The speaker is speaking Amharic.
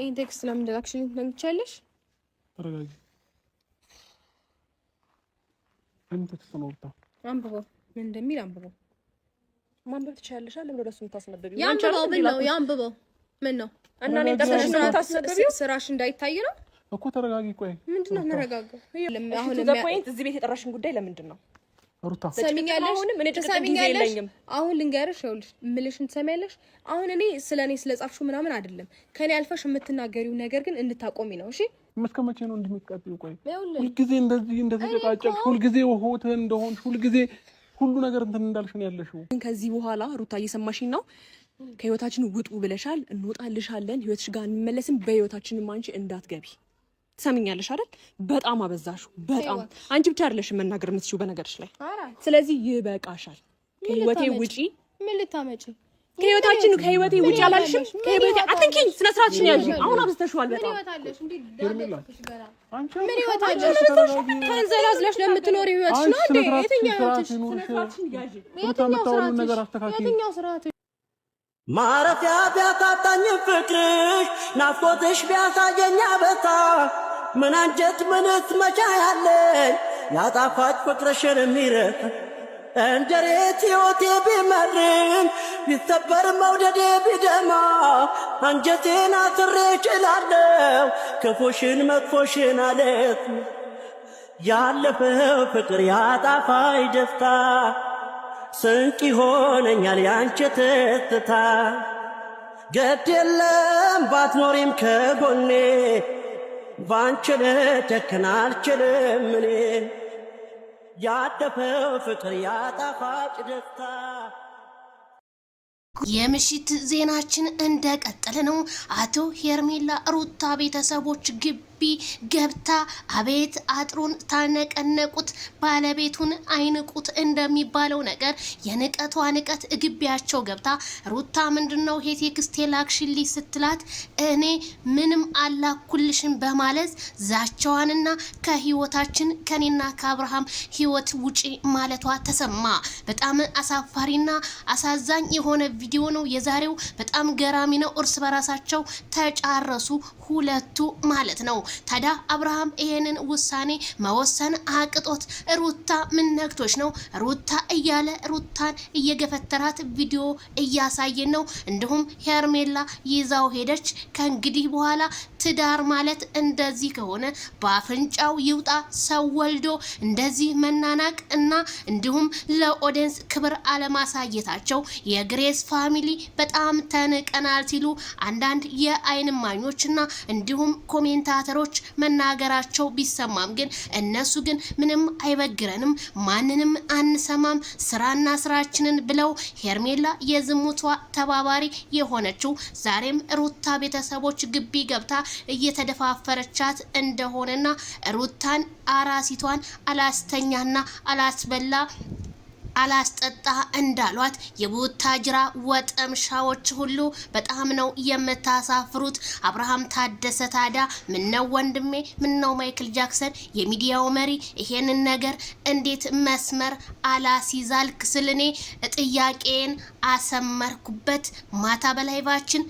ይህን ቴክስት ለምን እንደላክሽልኝ ትነግሪቻለሽ? ተረጋጊ። ለምን ቴክስት ነው? ወጣ ምን እንደሚል ማንበብ ትችያለሽ። ለምን ወደሱ ያንብበው፣ ምን ነው ያንብበው። ምን ነው እና እኔ ነው ስራሽ እንዳይታይ ነው እኮ። ተረጋጊ። ቆይ ምንድን ነው አሁን እዚህ ቤት የጠራሽን ጉዳይ ለምንድን ነው ሩታ ትሰሚኛለሽ? አሁን ልንገርሽ፣ ይኸውልሽ ምልሽን ትሰሚያለሽ? አሁን እኔ ስለ እኔ ስለ ጻፍሽው ምናምን አይደለም ከኔ አልፈሽ የምትናገሪው ነገር ግን እንድታቆሚ ነው። እሺ እስከ መቼ ነው እንደሚቀጥል? ቆይ ሁልጊዜ እንደዚህ እንደተጨቃጨቅሽ፣ ሁልጊዜ ሆት እንደሆንሽ፣ ሁልጊዜ ሁሉ ነገር እንትን እንዳልሽ ነው ያለሽው። ግን ከዚህ በኋላ ሩታ እየሰማሽኝ ነው? ከህይወታችን ውጡ ብለሻል። እንወጣልሻለን። ህይወትሽ ጋር እንመለስም። በህይወታችንም አንቺ እንዳትገቢ ትሰሚኛለሽ አይደል? በጣም አበዛሽ። በጣም አንቺ ብቻ አይደለሽ መናገር የምትችው በነገርሽ ላይ። ስለዚህ ይበቃሻል። ከህይወቴ ውጪ ምን ልታመጪ? ከህይወታችን ከህይወቴ ውጪ አላልሽም? ከህይወቴ አትንኪኝ። ስነ ስርዓትሽን ያዥ። አሁን አብዝተሽዋል በጣም። ምን ህይወት ማረፊያ ቢያሳጣኝ ፍቅርሽ ናፍቆትሽ ቢያሳየኛ በታ ምን አንጀት ምንስ መቻ ያለኝ ያጣፋጭ ፍቅረሽን የሚረት! እንጀሬት ሕይወቴ ቢመርን ቢሰበር መውደዴ ቢደማ አንጀቴን አስሬ እችላለሁ ክፉሽን መጥፎሽን አለት ያለፈው ፍቅር ያጣፋይ ደስታ ስንቅ ይሆነኛል ያንቺ ትትታ ገድ የለም ባትኖሪም ከጎኔ ባንችል ጨክና አልችልም እኔ ያደፈው ፍቅር ያጣፋጭ ደስታ የምሽት ዜናችን እንደቀጠለ ነው። አቶ ሄርሜላ ሩታ ቤተሰቦች ግብ ግቢ ገብታ አቤት አጥሩን ታነቀነቁት፣ ባለቤቱን አይንቁት እንደሚባለው ነገር የንቀቷ ንቀት ግቢያቸው ገብታ ሩታ ምንድን ነው ይሄ ስትላት እኔ ምንም አላኩልሽን በማለት ዛቻዋንና ከህይወታችን ከኔና ከአብርሃም ህይወት ውጪ ማለቷ ተሰማ። በጣም አሳፋሪና አሳዛኝ የሆነ ቪዲዮ ነው የዛሬው። በጣም ገራሚ ነው። እርስ በራሳቸው ተጫረሱ ሁለቱ ማለት ነው። ታዲያ አብርሃም ይሄንን ውሳኔ መወሰን አቅጦት ሩታ ምን ነክቶች ነው ሩታ እያለ ሩታን እየገፈተራት ቪዲዮ እያሳየን ነው። እንዲሁም ሄርሜላ ይዛው ሄደች። ከእንግዲህ በኋላ ትዳር ማለት እንደዚህ ከሆነ በአፍንጫው ይውጣ ሰው ወልዶ እንደዚህ መናናቅ እና እንዲሁም ለኦዲየንስ ክብር አለማሳየታቸው የግሬስ ፋሚሊ በጣም ተንቀናል ሲሉ አንዳንድ የአይን ማኞችና እንዲሁም ኮሜንታተሮች ነገሮች መናገራቸው ቢሰማም ግን እነሱ ግን ምንም አይበግረንም፣ ማንንም አንሰማም፣ ስራና ስራችንን ብለው ሄርሜላ የዝሙቷ ተባባሪ የሆነችው ዛሬም ሩታ ቤተሰቦች ግቢ ገብታ እየተደፋፈረቻት እንደሆነና ሩታን አራሲቷን አላስተኛና አላስበላ አላስጠጣ እንዳሏት የቡታጅራ ወጠምሻዎች ሁሉ በጣም ነው የምታሳፍሩት። አብርሃም ታደሰ ታዳ ምነው ወንድሜ፣ ምነው ማይክል ጃክሰን የሚዲያው መሪ ይሄንን ነገር እንዴት መስመር አላሲዛልክ ስል እኔ ጥያቄን አሰመርኩበት። ማታ በላይቫችን